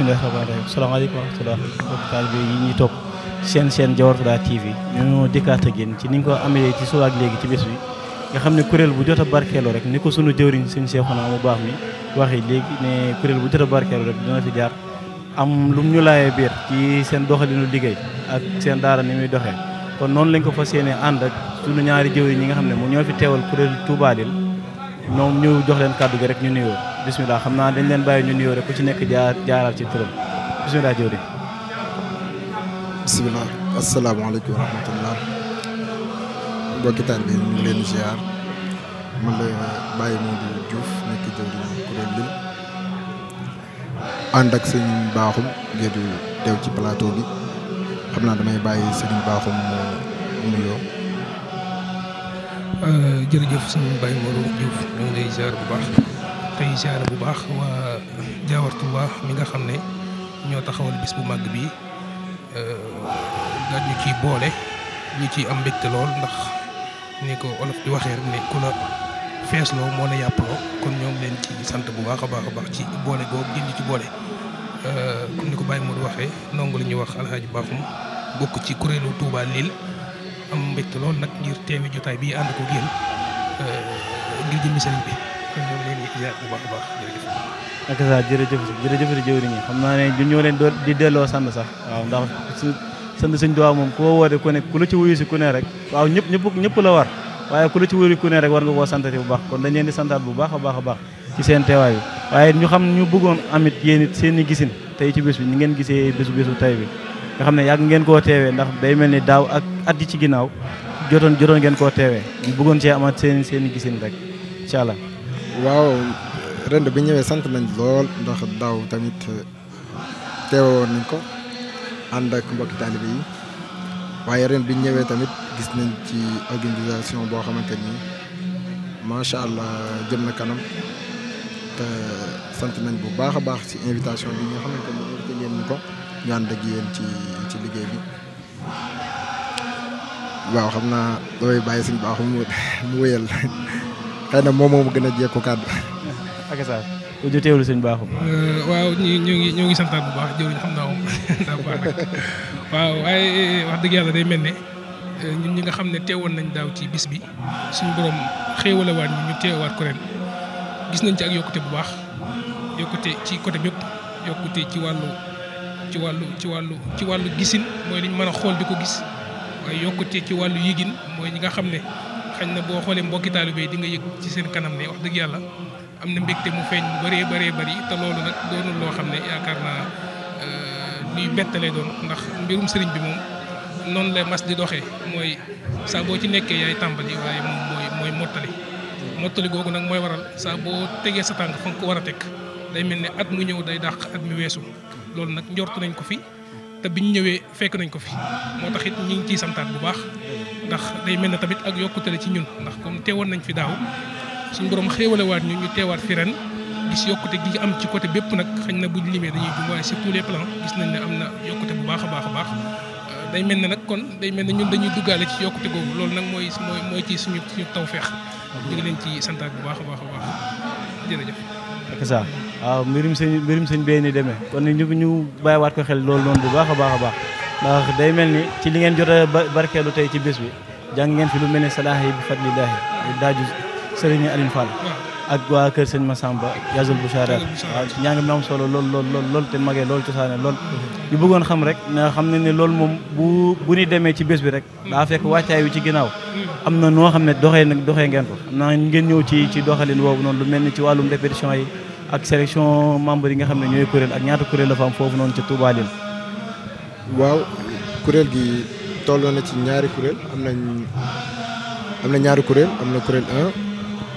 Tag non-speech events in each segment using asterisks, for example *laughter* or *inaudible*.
bismillahi rahmaani rahim salaamaaleykum wa rahmatullah mbokk yi ñuy topp seen seen Diawar Fada TV ñoo dikkaat ak ci ni nga ko amee ci suba léegi ci bés bi nga xam ne kuréel bu jot a barkeeloo rek ni ko sunu jëwriñ suñu seexuna mu baax mi waxee léegi ne kuréel bu jot a barkeeloo rek dina fi jaar am lu ñu laayee biir ci seen doxalinu liggéey ak seen daara ni muy doxee kon noonu lañ ko fas yéenee ànd ak sunu ñaari jëwriñ ñi nga xam ne mu ñoo fi teewal kuréel Touba ñoom ñu jox leen kàddu gi rek ñu nuyoo bisimilah xam naa dañ leen bàyyi ñu nuyoo rek ku ci nekk jaar jaaral ci turam bisimilah jëwri bisimilah asalaamaaleykum wa rahmatullah mbokki taal bi ñu leen ziar man la Baye Modou Diouf nekk jëwriñ kuréel bi ànd ak sëñ baaxum ngeen di teew ci plateau bi xam naa damay bàyyi sëñ baaxum mu nuyoo Euh, jërëjëf sëñ Baye Modou Diouf ngi lay ziar bu baax tey ziar bu baax waa Diawartouba mi nga xam ne ñoo taxawal bis bu màgg bi euh, daal ñu ci boole ñu ci am mbégte lool ndax ne ko olof di waxee rek ne ku la loo moo la yàppaloo kon ñoom leen ci sant bu baax a baax a baax ci boole googu jënd ci boole euh, comme ni ko Baye Modou waxee ndongo li ñuy wax alxaaji baaxum bokk ci kuréelu Touba Lille am mbégte lool nag ngir teewi jotaay bii ànd ko yéen euh, ngir jëmmi sëriñ bi kon ñoo ngi leen di a baax jërëjëf. ak xam naa ne ñun ñoo leen di delloo sant sax waaw ndax su sant suñ moom ku woote ku ne ku la ci wuyu si ne rek waaw ñëpp ñëpp ñëpp la war waaye ku la ci wuyu ku ne rek war nga koo santati bu baax kon dañ leen di santaat bu baax a baax a baax ci seen bi waaye ñu xam ñu bëggoon amit yéen seen gisin tey ci bés bi ngeen gisee bésu bésu tey bi nga xam ne koo teewee ndax day mel ni daaw ak at yi ci ginnaaw jotoon jotoon ngeen koo teewee bëggoon cee amat seen seen i gisin rek incha waaw ren bi ñëwee sant nañ lool ndax daaw tamit eh, teewoon nañ ko ànd ak mbokki taalibe yi waaye ren bi ñëwee tamit gis nañ ci organisation boo xamante ni macha allah jëm na kanam te sant nañ bu baax a baax ci invitation bi nga xamante ni invité ngeen ko ñu ànd ak yéen ci ci liggéey bi. waaw xam naa damay bàyyi suñu baaxu mu mu wéyal na moo ma gën a jékku kàddu. *laughs* ak saa ku ju teewlu suñu baaxu. Euh, waaw ñu ngi ñu ngi santaat bu baax jëwriñ xam naa moom daa *laughs* baax nag waaw waaye eh, wax dëgg yàlla day mel ne euh, ñun ñi nga xam ne teewoon nañ daaw ci bis bi suñu borom xéewalewaat ñu ñu teewaat ko ren gis nañ ci ak yokkute bu baax yokkute ci côté bépp yokkute ci wàllu ci wàllu ci wàllu ci wàllu gisin mooy dañ mën a xool di ko gis. yokkute ci wàllu yëgin mooy ñi nga xam ne xañ na boo xoolee mbokki taalibe di nga yëg ci seen kanam ne wax dëgg yàlla am na mbégte mu feeñ mu bëree bëree bëri te loolu nag doonul loo xam ne yaakaar naa euh, luy bettalee doon ndax mbirum sëriñ bi moom noonu la mas di doxee mooy saa boo ci nekkee yaay tàmbali waaye moom mooy mooy mottali mottali googu nag mooy waral saa boo tegee sa tànk fa nga ko war a teg day mel ne at mu ñëw day dàq at mi weesu loolu nag njortu nañ ko fi te bi ñu ñëwee fekk nañ ko fi moo tax it ñu ngi ciy santaat bu baax ndax day mel ne tamit ak yokkute yokkutale ci ñun ndax comme teewoon nañ fi daaw suñ borom xéewalewaat ñu ñu teewaat fi ren gis yokkute gi am ci côté bépp nag xañ na buñ limee dañuy jum waaye sur tous les plans gis nañ ne am na yokkute bu baax a baax a baax euh, day mel ne nag kon day mel ne ñun dañuy duggaale ci yokkute googu loolu nag mooy mooy mooy ci suñu suñu tawfeex ñu ngi leen ci santaat bu baax a baax a baax jërëjëf ak ça waaw mbirum sëñ mbirum sëñ bee ni demee kon ñu ñu bàyyiwaat ko xel lool noonu bu baax a baax a baax ndax day mel ni ci li ngeen jot a barkeelu tey ci bés bi jàng ngeen fi lu mel ni ne salaahi bi fadlillahi daaju sëriñ Alioune Fall ak waa kër sëñ Massamba Yazul Bouchara waaw ñaa ngi mi am solo lool lool lool lool te magee lool cosaane lool ñu bëggoon xam rek na xam ne ne loolu moom bu bu demee ci bés bi rek daa fekk wàccaay wi ci ginnaaw am na noo xam ne doxee nag doxee ngeen ko xam naa ngeen ñëw ci ci doxalin woowu noonu lu mel ni ci wàllum répétition yi ak sélection membre yi nga xam ne ñooy kuréel ak ñaata kuréel la fa am foofu noonu ca Touba waaw kuréel gi toll na ci ñaari kuréel am nañ am na ñaari kuréel am na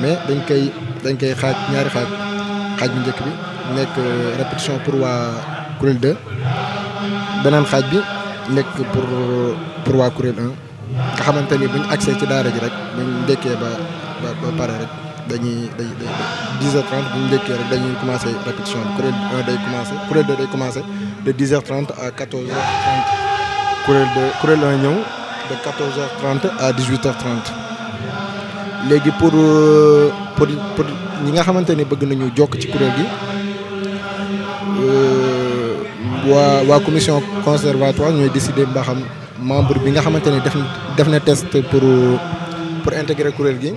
mais dañ koy dañ koy xaj ñaari xaj xaj bu njëkk bi nek euh, répétition pour wa kuréel 2 beneen xaj bi nek pour euh, pour wa kuréel 1 nga xamanteni ni bu accès ci daara ji rek bu ñu ba ba ba pare rek dañuy day 10h30 bu ñu rek dañuy commencé répétition bi 1 day commencé kuréel 2 day commencé de 10h30 à 14h30 kuréel 2 kuréel 1 ñëw de 14h30 à 18h30. léegi euh, pour pour ñi nga xamante ne bëgg nañu jokk ci kuréel gi euh, waa waa commission conservatoire ñooy décider mbaa xam membre bi nga xamante ne def def na test pour pour intégrer kuréel gi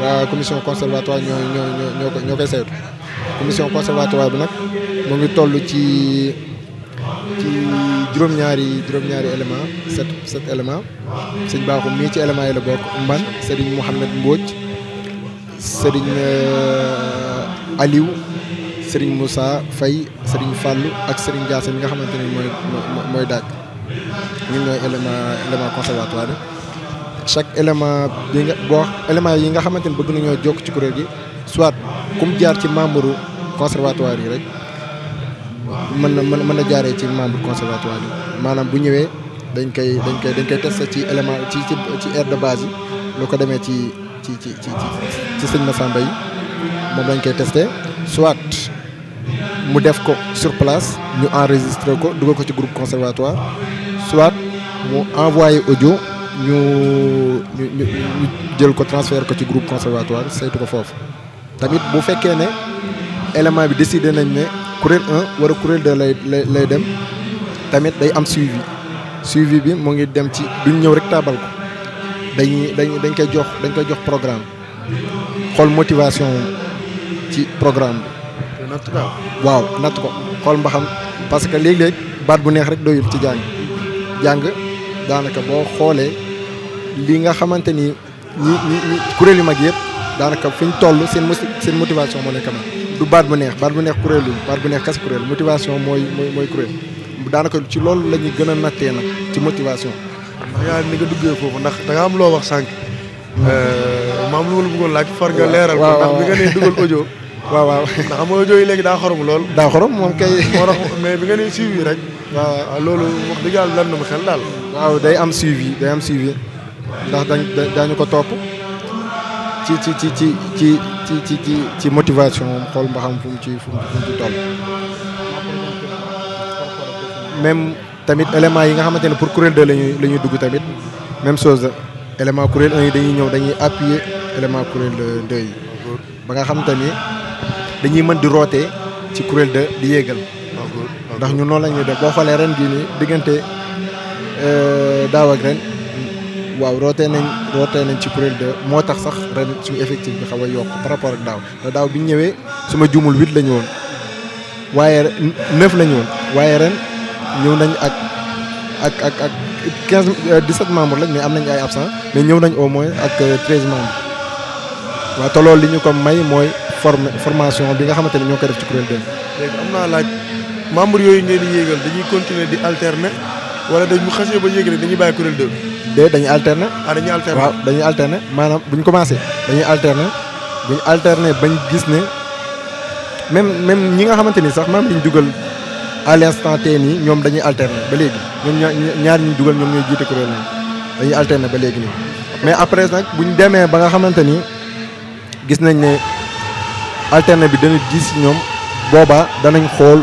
waa commission conservatoire ñoo ñoo ñoo ñoo koy saytu commission conservatoire bi nag mu ngi toll ci. ci juróom-ñaari juróom-ñaari élément sept sept sëñ Baaxum mii ci élément yi la bokk Mban sëriñ Mouhamed Mbodj sëriñ euh, Aliou sëriñ Moussa Faye sëriñ Fallou ak sëriñ Diassé mi nga xamante ni mooy mooy daaj ñun ñooy élément élément conservatoire chaque élément bi nga boo élément yi nga xamante ni bëgg nañoo jokk ci kuréel gi soit kum jaar ci membre conservatoire yi rek mën na un membre conservatoire bu dañ koy dañ élément de base lu ko ci ci ci ci ci soit mu def ko sur place ñu enregistré ko ko groupe conservatoire soit mu envoyé audio ñu ñu transfert ko ci groupe conservatoire C'est ko tamit bu élément décidé kuréel 1 wala kuréel 2 lay dem tamit day am suivi suivi bi mu ngi dem ci duñ ñëw rek taabal ko dañuy dañ koy jox dañ koy jox programme xool motivation ci programme bi. waaw natt ko xool mbaxam parce que léeg-léeg baat bu neex rek doyul ci jàng jàng daanaka boo xoolee li nga xamante ni ñi ñi kuréel yu mag yëpp. daanaka fi ñu toll seen seen motivation moo nekk am du baat bu neex baat bu neex kuréel yi baat bu neex kas kuréel motivation mooy mooy kuréel daanaka ci loolu la ñuy gën a nattee nag ci motivation. ndax yaa ni nga duggee foofu ndax da am loo wax sànq. Euh, maam lu ma la bëggoon laaj far nga leeral ko ndax bi nga nee dugal audio. *laughs* waaw waaw ndax xam nga yi léegi daa xorom lool. daa xorom moom kay. *laughs* moo tax mais bi nga nee suivi rek. waaw ah, loolu wax dëgg yàlla na ma xel daal. waaw day am suivi day am suivi ndax dañ daañu ko topp. ci ci ci ci ci ci ci ci motivation moom xool mba xam ci fu mu toll même tamit élément yi nga xamante ne pour kuréel 2 lañuy la ñuy dugg tamit même chose élément kuréel 1 yi dañuy ñëw dañuy appuyer élément kuréel 2 yi ba nga xam tamit dañuy mën di rootee ci kuréel 2 di yégal ndax ñu noonu lañuy ñuy def boo xoolee ren gii nii diggante euh, daaw ren waaw rootee nañ rootee nañ ci kuréel de moo tax sax ren suñu effective bi xaw a yokk par rapport ak daaw daaw bi ñu ñëwee su jumul juumul lañu woon waaye neuf lañu woon waaye ren ñëw nañ ak ak ak ak quinze euh, dix sept membres lañ mais am nañ ay absent mais ñëw nañ au moins ak euh, treize membres waaw te loolu li ñu ko may mooy forme formation bi nga xamante ne ñoo ko def ci kuréel de. léegi am membres yooyu ngeen yéegal dañuy continuer di alterner. wala dañ bu xasee ba yëg rek dañuy bàyyi kuréel 2. dañuy alterner. ah dañuy alterner waaw dañuy alterner maanaam bu ñu commencé dañuy alterner bu ñu alterner bañ gis ne même même ñi nga xamante ni sax maam li ñu dugal à l'instant tey nii ñoom dañuy alterner ba léegi ñoom ñaar ñi ñu dugal ñoom ñooy jiite kuréel nii dañuy alterner ba léegi nii. mais après nag bu ñu demee ba nga xamante ni gis nañ ne alterner bi dana diis ñoom boobaa danañ xool.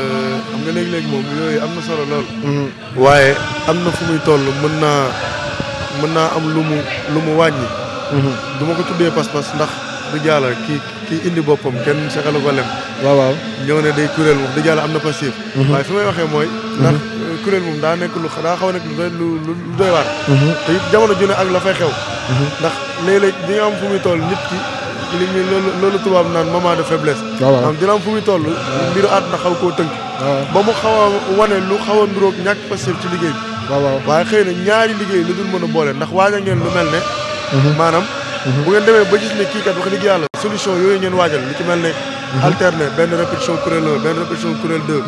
xam nga léegi-léegi moom yooyu am na solo lool. Mm-hmm. waaye am na fu muy toll mën naa mën naa am lu mu lu mu wàññi. Mm-hmm. du ma ko tuddee pas-pas ndax du jaala kii kii indi boppam kenn sexalu ko lem. waaw waaw ñëw ne day kuréel moom du jaala am na passif. Mm-hmm. waaye fi may waxee mooy. ndax kuréel moom daa nekk lu daa xaw a nekk lu lu doy waar. te it jamono ju ne ak la fay xew. ndax léeg-léeg di nga am fu muy toll nit ki. li ñu loolu loolu tubaab naan moment de faiblesse. waaw waaw dina am fu muy toll. mbiru àdduna xaw koo tënk. ba mu xaw a wane lu xaw a niróog ñàkk Pastef ci liggéey bi waaw waaw waaye xëy na ñaari liggéey la dul mën a boole ndax waaj ngeen lu mel ne mhm. maanaam mhm. bu ngeen demee ba kii kat wax dëgg yàlla solution yooyu ngeen waajal li ci mel ne mhm. alterner benn répétition kuréel 1 benn répétition kuréel 2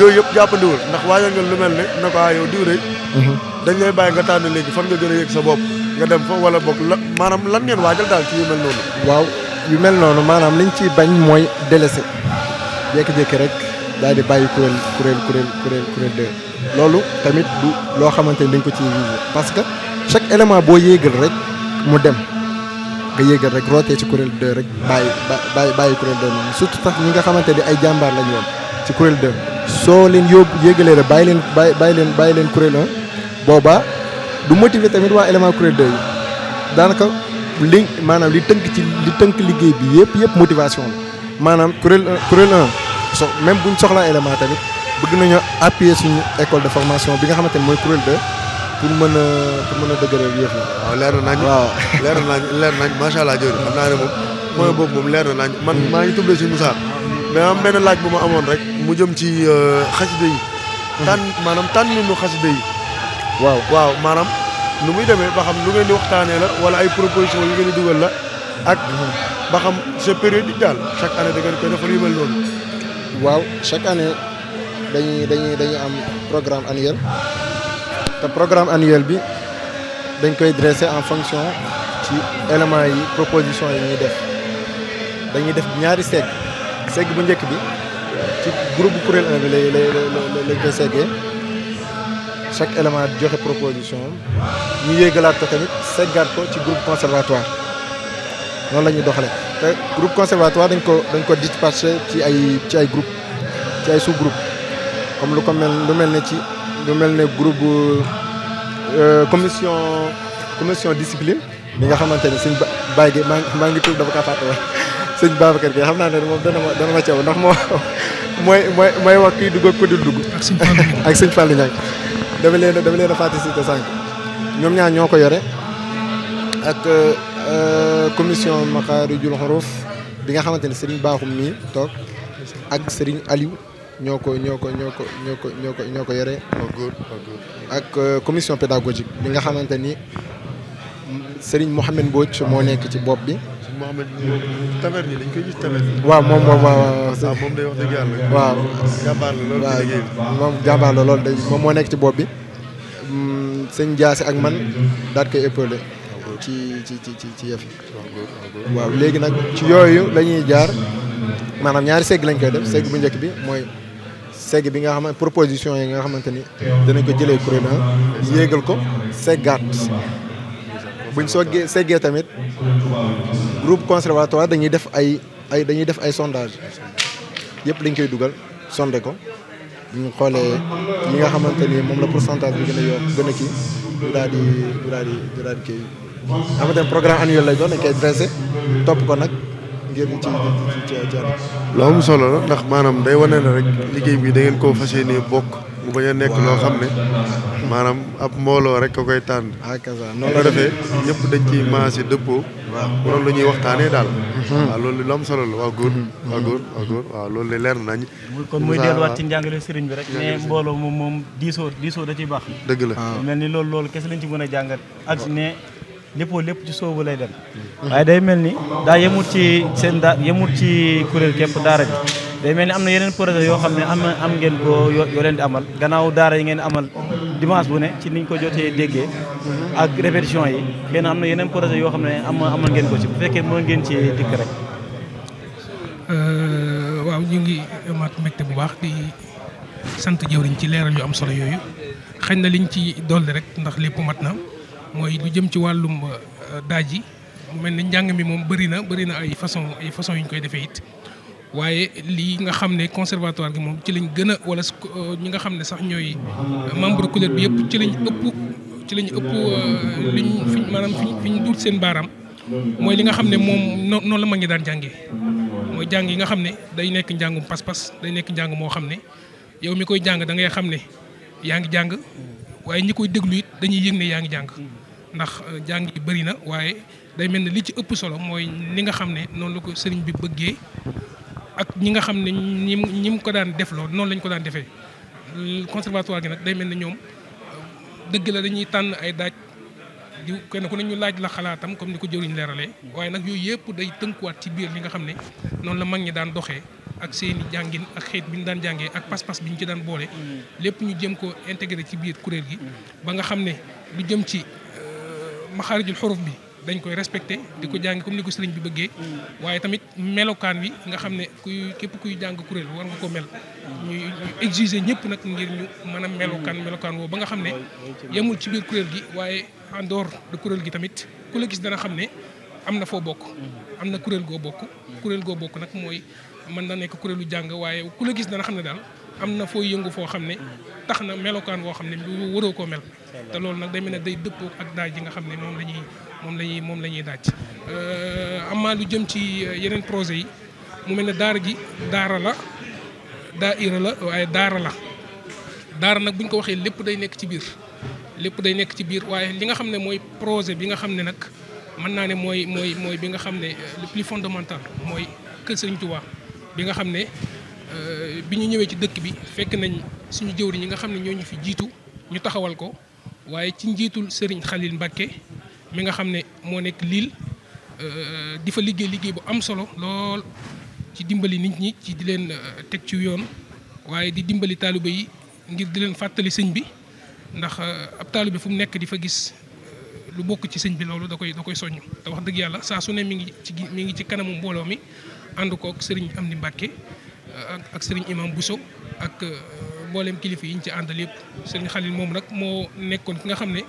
yooyu yëpp jàppandiwul ndax waajal ngeen lu mel ne na ko ah yow diw dañ lay bàyyi nga tànn léegi fan nga gën a yëg sa bopp nga dem fa wala boog la maanaam lan ngeen waajal daal ci yu mel noonu waaw yu mel noonu maanaam liñ ciy bañ mooy délaissé jékki-jékki rek daal di bàyyi kuréel kuréel kuréel kuréel kuréel de loolu tamit du loo xamante ni dañ ko ciy viser parce que chaque élément boo yéegal rek mu dem nga yéegal rek rootee ci kuréel de rek bàyyi bàyyi bàyyi kuréel 2 noonu surtout tax ñi nga xamante ni ay jàmbaar lañu woon ci kuréel de soo leen yóbbu yéegalee rek bàyyi leen bàyyi bàyyi leen bàyyi leen kuréel boobaa du motiver tamit waa élément kuréel 2 yi daanaka li maanaam li tënk ci li tënk liggéey bi yëpp yëpp motivation la maanaam kuréel kuréel so même ñu soxlaa élément tamit bëgg nañoo appuyer suñu école de formation bi nga xamante ne mooy kuréel de pour mën a pour mën a dëgëral yëf yi. waaw leer na nañ. waaw *laughs* leer na leer nañ macha allah jooju xam naa ne mooy boobu moom leer na man hmm. maa ngi tuddee si Moussa. mais am benn laaj bu ma amoon rek. mu jëm ci euh, xasida yi. Hmm. tànn maanaam tànn nañu xasida yi. waaw waaw maanaam nu muy demee ba xam lu ngeen di waxtaanee la wala ay proposition yu ngeen di dugal la. ak hmm. ba xam c'est périodique daal chaque année da ngeen koy defal yu waaw chaque année dañuy dañuy dañuy am programme annuel te programme annuel bi dañ koy dresser en fonction ci éléments yi proposition yi ñuy def dañuy def ñaari segg segg bu njëkk bi ci groupe bu kuréel 1 bi lay lay lañ koy chaque élément joxe proposition ñu yéggalat ko tamit seggaat ko ci groupe conservatoire non la doxale té groupe conservatoire dañ ko dañ ko dispatché ci ay ci ay groupe ci ay sous groupe comme lu ko mel lu mel ci lu mel groupe euh commission commission discipline bi nga xamante ne sëñ Baye Gueye maa maa ngi tudd dafa kaa fàtte woon sëñ Babacar bi xamna né mom dana dana ma caw ndax mo *laughs* moy mooy mooy wax ki dugg ko dul dugg ak sëñ Fallou Ndiaye *laughs* dama leen dama leen a fàtte si te sànq ñoom ñaar ñoo ko yore ak euh, Euh, commission Makaarijul Xuruuf bi nga xamante ne Serigne Bakhoum mii toog ak sëriñ Aliou ñoo ko ñoo ko ñoo ko ñoo ko ñoo ko ñoo ko yore. ak euh, commission pédagogique bi nga xamante ni Serigne Mouhamed Mbodj moo nekk ci bopp bi. Mouhamed Taverny dañ koy gis Taverny. waaw moom moom day wax dëgg yàlla. la lool ci moom moo nekk ci bopp bi. Mm, sëñ Jaasi ak man daal koy épaulé. ci ci ci ci yëf waaw léegi nag ci yooyu lañuy jaar maanaam ñaari segg lañ koy def segg bu njëkk bi mooy segg bi nga xam proposition yi nga xamante ni danañ ko jëlee kuréel yéegal ko seggaat buñ soogee seggee tamit groupe conservatoire dañuy def ay ay dañuy def ay sondage yëpp lañ koy dugal sonde ko ñu xoolee yi nga xamante ni moom la pourcentage bi gën a yokk gën a du daal di du daal di du xam nga programme annuel lay doon dañ koy dressé topp ko nag ngir ci ci ci am solo la ndax maanaam day wane ne rek liggéey bi da koo fas yéenee bokk mu bañ a nekk loo xam ne maanaam ab mbooloo rek ko koy tànn. akasa ah, noonu la defee ñëpp dañ ciy maase dëppoo. waa mu doon lu waxtaanee daal. Mhm. waaw loolu lu am solo la waaw góor. Mhm. waaw loolu de leer nañ. kon muy delluwaat ci njàngale sëriñ bi rek. mais mbooloo moom moom diisoo diisoo da ciy baax. dëgg la ah. mel ni loolu loolu kese lañ ci mën a jàngat. ak ne. léppoo lépp ci soobu lay dem waaye day mel ni daa yemut ci seen daa yemut ci kuréel képp daara bi day mel ni am na yeneen projet yoo xam ne am am ngeen boo yoo leen di amal gannaaw daara yi ngeen amal dimanche bu ne ci niñ ko jotee déggee ak répétition yi kenn am na yeneen projet yoo xam ne am amal ngeen ko ci bu fekkee mën ngeen ci dikk rek euh, waaw ñu ngi amaat mbégte bu baax di sant jëwriñ ci leeral yu am solo yooyu xëy na liñ ci dolli rek ndax lépp mat na mooy lu jëm ci wàllum euh, daaj yi mu mel ni njàng mi moom bëri na bëri na ay façon ay façon yu ñu koy defee it waaye lii nga xam ne conservatoire gi moom ci lañ gën a wala euh, ñi nga xam ne sax ñooy euh, membre couleur bi yëpp ci lañ ëpp ci lañ ëpp liñ fiñ maanaam fiñ fiñ dur seen baaraam mooy li nga xam ne moom la ma ngi daan jàngee mooy jàng yi nga xam day nekk njàngum pas-pas day nekk njàng moo xam ne yow mi koy jàng da ngay xam ne yaa waaye ñi koy déglu it dañuy yëg ne yaa ngi jàng ndax euh, jàng yi bëri na waaye day mel ne li ci ëpp solo mooy li nga xam ne noonu la ko sëriñ bi bëggee ak ñi nga xam ne ñi ñi mu ko daan def loolu noonu lañ ko daan defee conservatoire gi nag day mel na ñoom euh, dëgg la dañuy tànn ay daaj di kenn ku ne ñu laaj la xalaatam comme ni ko jëriñ leeralee waaye nag yooyu yëpp day tënkuwaat ci biir li nga xam ne noonu la mag ñi daan doxee ak seeni jàngin ak xeet bi ñu daan jàngee ak pas-pas bi ñu ci daan boole lépp ñu jëm ko intégré ci biir kuréel gi ba nga xam ne lu jëm ci euh, maxaarijul xuruf bi dañ koy respecté di ko mm. jàng comme ni ko sëriñ bi bëggee mm. waaye tamit melokaan wi nga xam ne kuy képp kuy jàng kuréel war nga ko mel mm. ñuy exiger ñëpp nag ngir ñu mën a melokaan melokaan woo ba nga xam ne yamul ci biir kuréel gi waaye en kuréel gi tamit ku la gis dana xam ne am na foo bokk am na kuréel goo bokk kuréel goo bokk nag mooy mën na nekk kuréelu jàng waaye ku la gis dana xam ne daal am na foo yëngu foo xam ne tax na melokaan woo xam ne waroo koo mel te loolu nag day mel ne day dëppoo ak daaj yi nga xam ne moom la ñuy moom la ñuy moom la ñuy daaj. Euh, amaa lu jëm ci euh, yeneen projet yi mu mel ne daara ji daara la daa daaira la waaye daara la daara nag bu ñu ko waxee lépp day nekk ci biir lépp day nekk ci biir waaye li nga xam ne mooy projet bi nga xam ne nag mën naa ne mooy mooy mooy bi nga xam ne euh, le plus fondamental mooy kër Serigne Touba bi nga xam ne bi ñu ñëwee ci dëkk bi fekk nañ suñu jëwriñ ñi nga xam ne ñoo ñu fi jiitu ñu taxawal ko waaye ci njiitul Serigne Khalil Mbacké mi nga xam ne moo nekk Lille euh, di fa liggéey liggéey bu am solo lool ci dimbali nit ñi ci di leen euh, teg ci yoon waaye di dimbali taalibe yi ngir di leen fàttali sëñ bi ndax euh, ab taalibe fu mu nekk di fa gis lu bokk ci sëñ bi loolu da koy koy soññ te wax dëgg yàlla saa su ne mi ngi ci mi ngi ci kanamu mbooloo mi ànd ko ak sëriñ Amdi Mbàkke ak sëriñ Imam Bousso ak mboolem kilifa yi ñu ci àndal yëpp sëriñ Xalil moom rek moo nekkoon ki nga xam ne.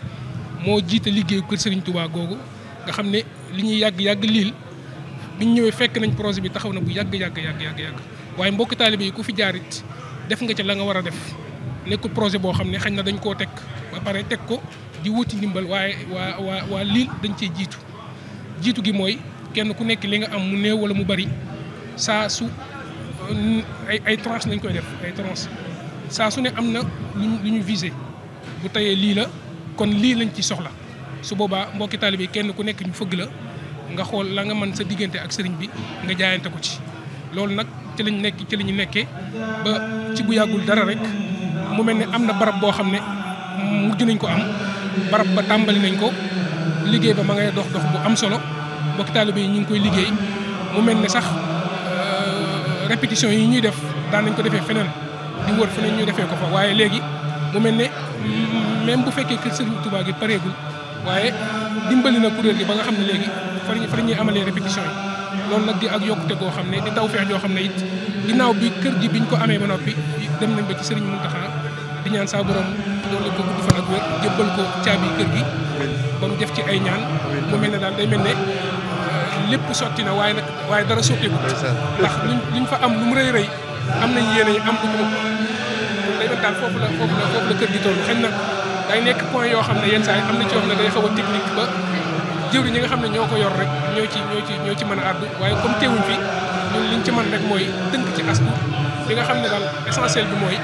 moo jiite liggéeyu kër Serigne Touba googu nga xam ne li ñuy yàgg yàgg liil bi ñu ñëwee fekk nañ projet bi taxaw na bu yàgg yàgg yàgg yàgg yàgg waaye mbokk taalibe yi ku fi jaarit def nga ca la nga war a def nekkul projet boo xam ne xañ na dañ koo teg ba pare teg ko di wuti ndimbal waaye waa waa waa liil dañ cee jiitu jiitu gi mooy kenn ku nekk li nga am mu néew wala mu bari saa su ay ay tranche lañ koy def ay tranche saa su ne am na lu ñu visé bu tayee lii la. kon lii lañ ci soxla su boobaa mbokki taalibe kenn ku nekk ñu fëgg la nga xool la nga man sa diggante ak sëriñ bi nga jaayante ko ci loolu nag ci lañ nekk ci la nekkee ba ci bu yàggul dara rek mu mel ne am na barab boo xam ne mujj nañ ko am barab ba tàmbali nañ ko liggéey ba ma ngay dox dox bu am solo mbokki taalibe yi ñu ngi koy liggéey mu mel ne sax euh, répétition yi ñuy def daan nañ ko defee feneen di wër feneen ñu defee ko fa waaye léegi mu même bu fekkee kër Serigne Touba gi pareegul waaye dimbali na kuréel gi ba nga xam ne léegi fa la ñuy amalee répétition yi loolu nag di ak yokkute goo xam ne di taw feex joo xam ne it ginnaaw bi kër gi biñ ko amee ba noppi dem nañ ba ci Serigne Mountakha di ñaan saa borom doole ko gudd fan ak wér jébbal ko caabi kër gi ba mu def ci ay ñaan mu mel ne daal day mel ne euh, lépp sotti na waaye nag waaye dara sotteeku ndax luñ luñ fa am lu mu rëy rëy am nañ yéene am lu mu day daal foofu la foofu la foofu la kër na day nekk point yoo xam ne yenn saa yi am na ci yoo day xaw a technique ba jëwri ñi nga xam ne ñoo ko yor rek ñoo ci ñoo ci ñoo ci mën a àddu waaye comme teewuñ fi li ñu ci mën rek mooy tënk ci askan li nga xam ne daal essentiel bi mooy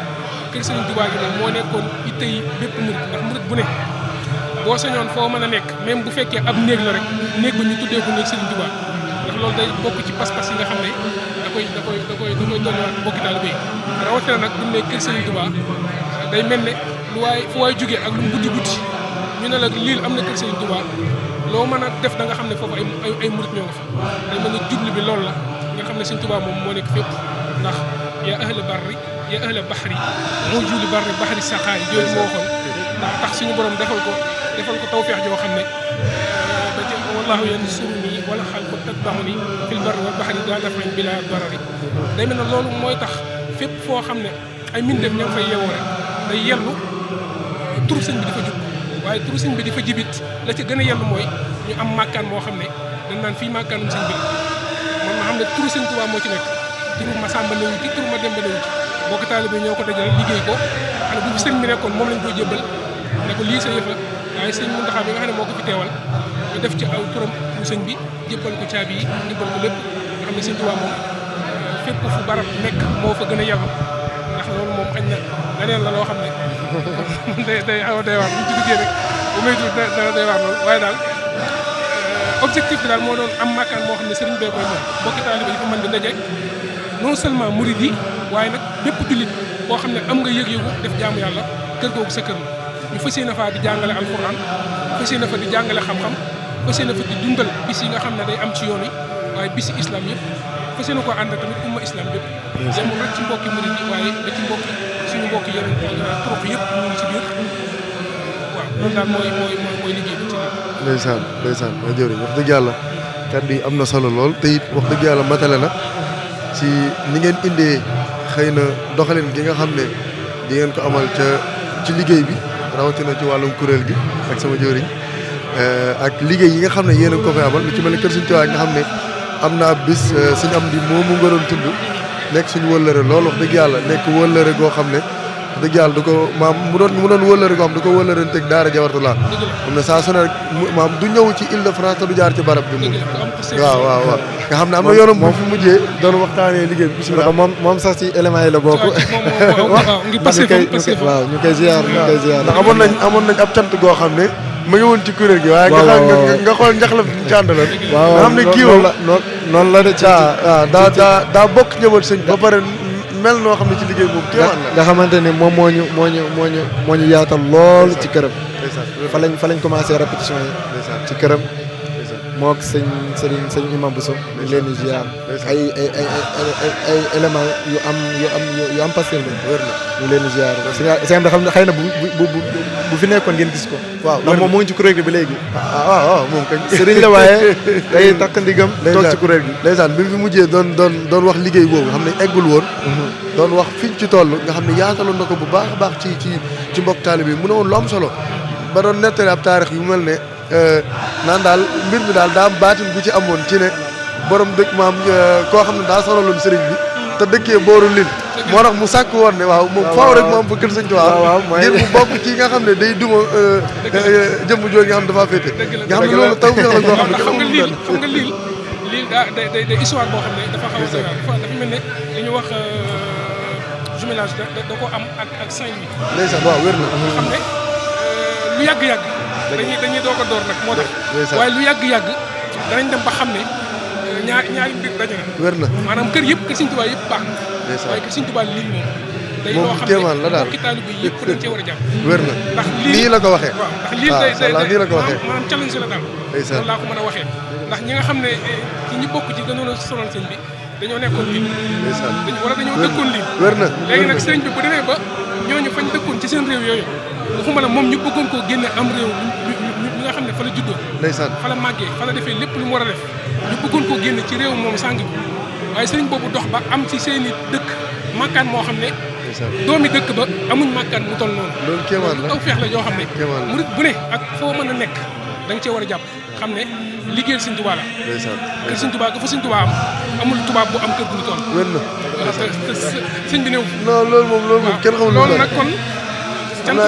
kër Serigne moo nekkoon itte yi bépp murit ndax murit bu ne boo sañoon foo mën a nekk même bu fekkee ab néeg la rek néeg ba ñu tuddee ko néeg Serigne Touba ndax loolu day bokk ci pas-pas yi nga xam ne da koy da koy da koy da koy dolliwaat bokki daal bi rawatina nag bu kër Serigne Touba day mel ne lu waay fu waay jógee ak lu mu guddi guddi ñu ne la lii am na kër Serigne Touba loo mën a def da nga xam ne foofu ay ay ay murit ñoo nga fa day mel ni jublu bi loolu la nga xam ne Serigne Touba moom moo nekk fépp ndax yaa ahla barri yaa ahla baxri moo juuli barri baxri saxaar yi jooju moo waxoon ndax tax suñu borom defal ko defal ko tawfeex joo xam ne ba ci wallahu yansuruni wala xalku tatbaxuni fil barri wal baxri daa dafin bila barari day mel ne loolu mooy tax fépp foo xam ne ay mbindeef ñoo fay yeewoo rek day yellu turu sëñ bi di fa jub waaye turu sëñ bi di fa jibit la ci gën a yell mooy ñu am màkkaan moo xam ne dañ naan fii màkkaanum sëñ bi moom nga xam ne turu sëñ Tuubaa moo ci nekk ma Sàmba newu ci turu ma Demba newu ci bokk taalibe ñoo ko dajal liggéey ko xanaa bu fi sëñ bi nekkoon moom lañ koy jébbal ne ko lii sa yëf la waaye sëñ Muntaxa bi nga ne moo ko fi teewal ñu def ci aw turam turu bi jébbal ko caabi yi jébbal ko lépp nga xam ne sëñ Tuubaa moom fépp fu barab nekk moo fa gën a yell ndax loolu moom xañ leneen la loo xam ne *laughs* day day aw day waar bu ñu ci duggee rek bu may waaye daal euh, objectif bi daal moo doon am makkaan moo xam ne sëriñ bee koy moom bokki taalibe yi fa mën di waaye nag bépp jullit xam ne am nga yëg-yëgu def jaamu yàlla kër googu sa kër la ñu fas yéene faa di jàngale alxuraan fas yéene fa di jàngale xam-xam fas yéene fa di dundal bis yi nga xam ne day am ci yoon yi waaye bisi islam yëpp fas yéene koo ànd tamit umma islam yëpp yemul rek ci mbokki murid yi waaye da ci mbokki suñu mbokk mooy mooy mooy liggéey bi ci biir. ndeysaan ndeysaan waaw jërëjëf wax dëgg yàlla am na solo lool te it wax dëgg yàlla matale na si ni ngeen indee xëy na doxalin gi nga xam ne di ngeen ko amal ca ci liggéey bi rawatina ci wàllum kuréel gi ak sama jëriñ eh, ak liggéey yi nga xam ne yéen a ko amal ci mel ne kër suñu tuwaay nga xam ne am naa bis eh, suñu am di moomu nga doon tudd. nekk suñu wëllëre loolu wax dëgg yàlla nekk wëllëre goo xam ne wax dëgg yàlla du ko maam mu doon mu doon wëllëre goo xam du ko wëllëranteeg daara Jawartulaa am na saa su ne rek maam du ñëw ci Île de France te du jaar ci barab bi moom waaw waaw nga xam ne am na yoonam moom fi mujjee doon waxtaanee liggéey bi bisimilah moom moom sax ci éléments yi la bokk waaw *laughs* ñu koy ziar ñu koy ndax amoon nañ amoon nañ ab cant goo xam ne mu ngi woon ci kuréel gi waaye nga nga xool njaxlaf bi ñu ci àndaloon nga xam ne kii woon noonu la de ci waaw daa daa daa bokk njaboot sëñ ba pare mel noo xam ne ci liggéey boobu kéemaan nga xamante ne moom moo ñu moo ñu moo ñu moo ñu yaatal lool ci këram fa lañ fa lañ commencé répétition yi ci këram moo sëñ sëriñ sëñ imam Bousso ñu leen di ay ay ay yu am yu am yu am pastel la wér na ñu leen di ziar sëñ da xam ne xëy na bu bu bu fi nekkoon ngeen gis ko waaw ndax moom moo ngi ci kuréel bi ba léegi ah, ah, waaw waaw moom kañ sëriñ la waaye *laughs* day takk ndigam toog kuréel gi ndeysaan bi fi mujjee doon doon doon wax liggéey boobu xam ne eggul woon mhm. doon wax fi ci toll nga xam ne yaataloon na ko bu baax baax ci ci ci mbokk taalibe bi mu ne woon lu am solo ba doon nettali ab taarix yu mel ne Euh, naan daal mbir mi daal daa baatin gu ci amoon ci ne borom dëkk maam euh, koo xam ne daa sonaloon sëriñ bi te dëkkee booru lin moo tax mu sàkk woon ne waaw moom faaw rek mu am bokk ci nga xam ne day duma euh, jëmm jooju nga xam dafa féete nga xam ne loolu taw feex la koo a ne li ñu wax lu yàgg-yàgg dañuy dañuy doog a door nag moo tax waaye lu yàgg-yàgg danañ dem ba xam ne ñaar ñaari mbir daje na na maanaam kër yëpp kër Sëñ Tuubaa yëpp baax na waaye kër Sëñ Tuubaa lii moom day loo xam ne a jàpp la ko waxee ndax lii ah, la ko waxee maanaam challenge la daal ko a waxee ndax ñi nga xam ne eh, ci ñu bokk ci gënoon a sonal sëñ bi dañoo nekkoon lii dañu wala dañoo dëkkoon lii wér na léegi nag sëñ bi bu demee ba ñoo ñooñu fañ dëkkoon ci seen réew yooyu waxuma la moom ñu bëggoon koo génne am réew mi nga xam ne fa la juddoo ndeysaan fa la màggee fa la defee lépp lu mu war a def ñu bëggoon koo génne ci réew moom sàng bi waaye sëriñ boobu dox ba am ci seen dëkk màkkaan moo xam ne doomi dëkk ba amuñ màkkaan mu toll noonu loolu kéemaan la taw feex la yoo xam ne murit bu ne ak foo mën a nekk da cee war a jàpp xam ne liggéeyal Sëñ Tuubaa la. kër Sëñ Tuubaa ga amul tubaab bu am kër gu bi néew. non loolu moom loolu moom kenn xamul loolu nag kon. cant la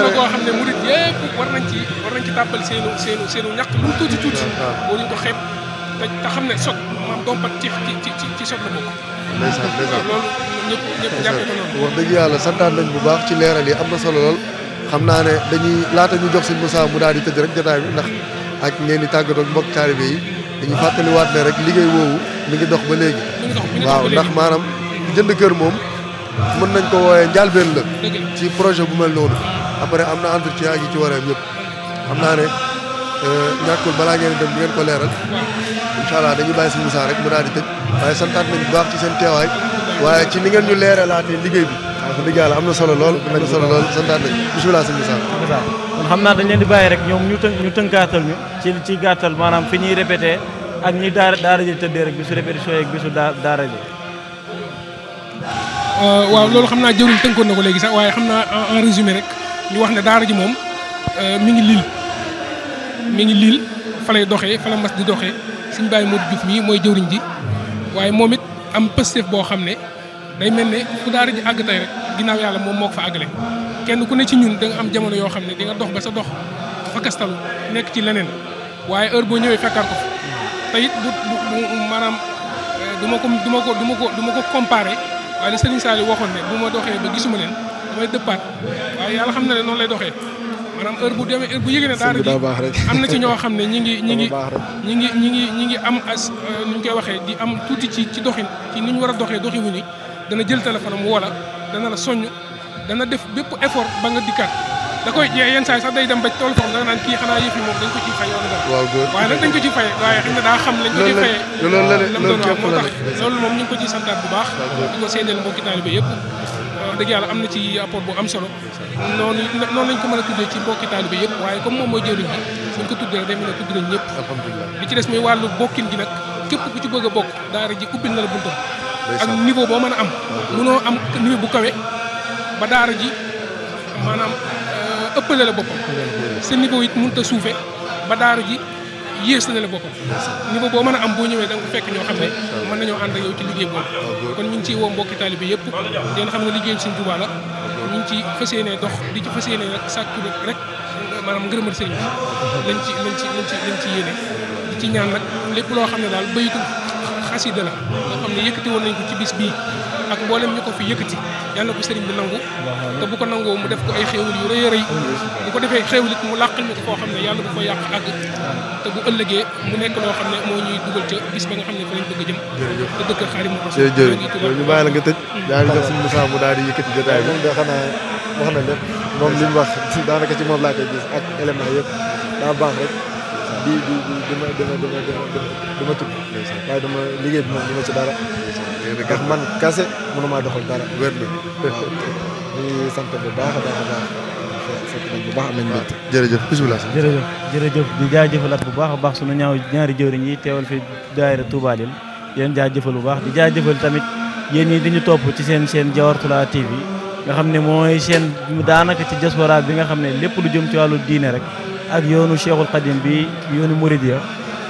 tuuti tuuti. boo ñu xam ne sot dëgg yàlla santaan nañ bu baax ci leeral yi am na solo lool xam naa ne dañuy laata ñu jox sëñ Moussa mu daal di tëj rek jotaay bi ndax ak ngeen di tàggatoo ak mbokk taalibe yi dañu fàttaliwaat ne rek liggéey woowu mi ngi dox ba léegi waaw ndax maanaam jënd kër moom mën nañ ko woowee njaalbeen la ci projet bu mel noonu après am na entretien ak yi ci wareem yëpp xam naa ne euh, ñàkkul balaa ngeen dem di ngeen ko leeral incha allah dañuy bàyyi si Moussa rek mu daal di tëj waaye santaat nañ bu baax ci seen teewaay waaye ci ni ngeen ñu leeralaatee liggéey bi waaw dëgg yàlla am na solo lool am na solo lool santaat nañ bisimilah sëñ Moussa kon xam naa dañ leen di bàyyi rek ñoom ñu të ñu tënkaatal ñu ci ci gàttal maanaam fi ñuy répété ak ñi daara daara ji tëddee rek bisu répétition yeeg bisu daa daara ji euh, waaw loolu xam naa jëwriñ tënkoon na ko léegi sax waaye xam naa en résumé rek ñu wax ne daara ji moom euh, mi ngi lil mi ngi lil fa lay doxee fa la mas di doxee suñu bàyyi Modou Diouf mii mooy jëwriñ ji waaye moom it am pëstef boo xam ne day mel ne fu daara ji àgg tey rek ginnaaw yàlla moom moo ko fa àggale kenn ku ne ci ñun da am jamono yoo xam ne di nga dox ba sa dox fa kastalu nekk ci leneen waaye heure boo ñëwee fekkaat ko te it du maanaam eh, du ma ko du ma ko du ma ko du ma ko comparé waaye li Serigne Saliou waxoon ne bu ma doxee ba gisuma leen damay dëppaat waaye yàlla xam na ne noonu lay doxee maanaam heure bu demee heure bu yëgee ne daara ji am na ci ñoo xam ne ñi ngi ñi ngi ñi ngi ñi ngi ñi ngi am as eh, nu ñu koy waxee di am ci ci doxin ci ni ñu war a doxee doxi wu dana jël téléphone am woo la dana la soññ dana def bépp effort ba nga dikkaat da koy jee yenn saa sax day dem ba tool foofu da nga naan kii xanaa yëf moom dañ ko ciy fay wala waaw waaye nag xam ne daa xam lañ ko ciy fayee loolu la loolu ñu ko ci santaat bu baax di ko seedeel mbokki taalibe yëpp wax dëgg yàlla am na ci apport bu am solo noonu noonu lañ ko mën a tuddee ci mbokki taalibe yëpp waaye comme moom moo jëriñ bi suñ ko tuddee day mën a tudd nañ ñëpp li ci des muy wàllu bokkin gi nag képp ku ci bëgg bokk daara ji ubbil na la buntam ak niveau boo mën a am. munoo am niveau bu kawe ba daara ji maanaam euh, ëpp la boppam. sa niveau it mënut a suufe ba daara ji yées na la boppam. niveau boo mën a am boo ñëwee da nga fekk ñoo xam ne mën nañoo ànd ak yow ci liggéey boobu. Ah, kon ñu ngi ciy woo mbokki taalibe yëpp ngeen xam ne liggéeyal Sëriñ Tuubaa la ah, ñu ngi ci fas yéenee dox di ci fas yéenee nag sàkku rek maanaam ngërëmal sëriñ bi *laughs* lañ ci lañ ci lañ ci ci yéene di ci ñaan nag lépp loo xam ne daal béyatu. xasida la nga xam ne yëkkati woon ci bis bi ak mboolem ñu ko fi yëkkati yàlla ko sëriñ bi nangu te bu ko nangoo mu def ko ay xéewal yu rëy a rëy bu ko defee xéewal mu làqal ñu ko koo xam ne yàlla bu ko yàq àgg te bu ëllëgee mu nekk loo xam ne moo ñuy daal di def suñu Moussa mu daal wax daa lépp ci moom laa koy gis ak élément yëpp daa baax rek di di dama dama ci dara. ndax man kase mënumaa doxal dara. wér na bu baax baax a am nañu mbégte ah, jërëjëf bisimilah. jërëjëf jërëjëf di jaajëfalaat bu baax a baax sunu ñaaw ñaari jëwriñ yi teewal fi daayira Touba Lille yéen jëfal bu baax di jëfal tamit yéen ñi dañu topp ci seen seen Diawartoulah TV nga xam ne mooy seen daanaka ci diaspora bi nga xam ne lépp lu jëm ci wàllu diine rek ak yoonu Cheikhul Khadim bi yoonu Mouridia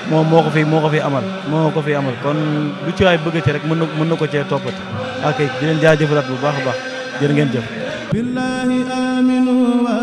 moom moo ko fi moo ko fi amal moo ko fi amal kon lu ci waay bëggati rek mën na mën na ko cee toppati ak di leen jaajëfalaat bu baax a baax jërë ngeen jëf billahi aminu